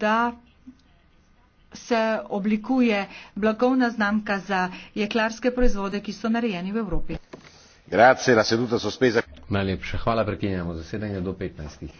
da se oblikuje blagovna znamka za jeklarske proizvode, ki so narejeni v Evropi. Grazie, la seduta sospesa. Najlepša hvala, prekinjamo zasedanje do 15.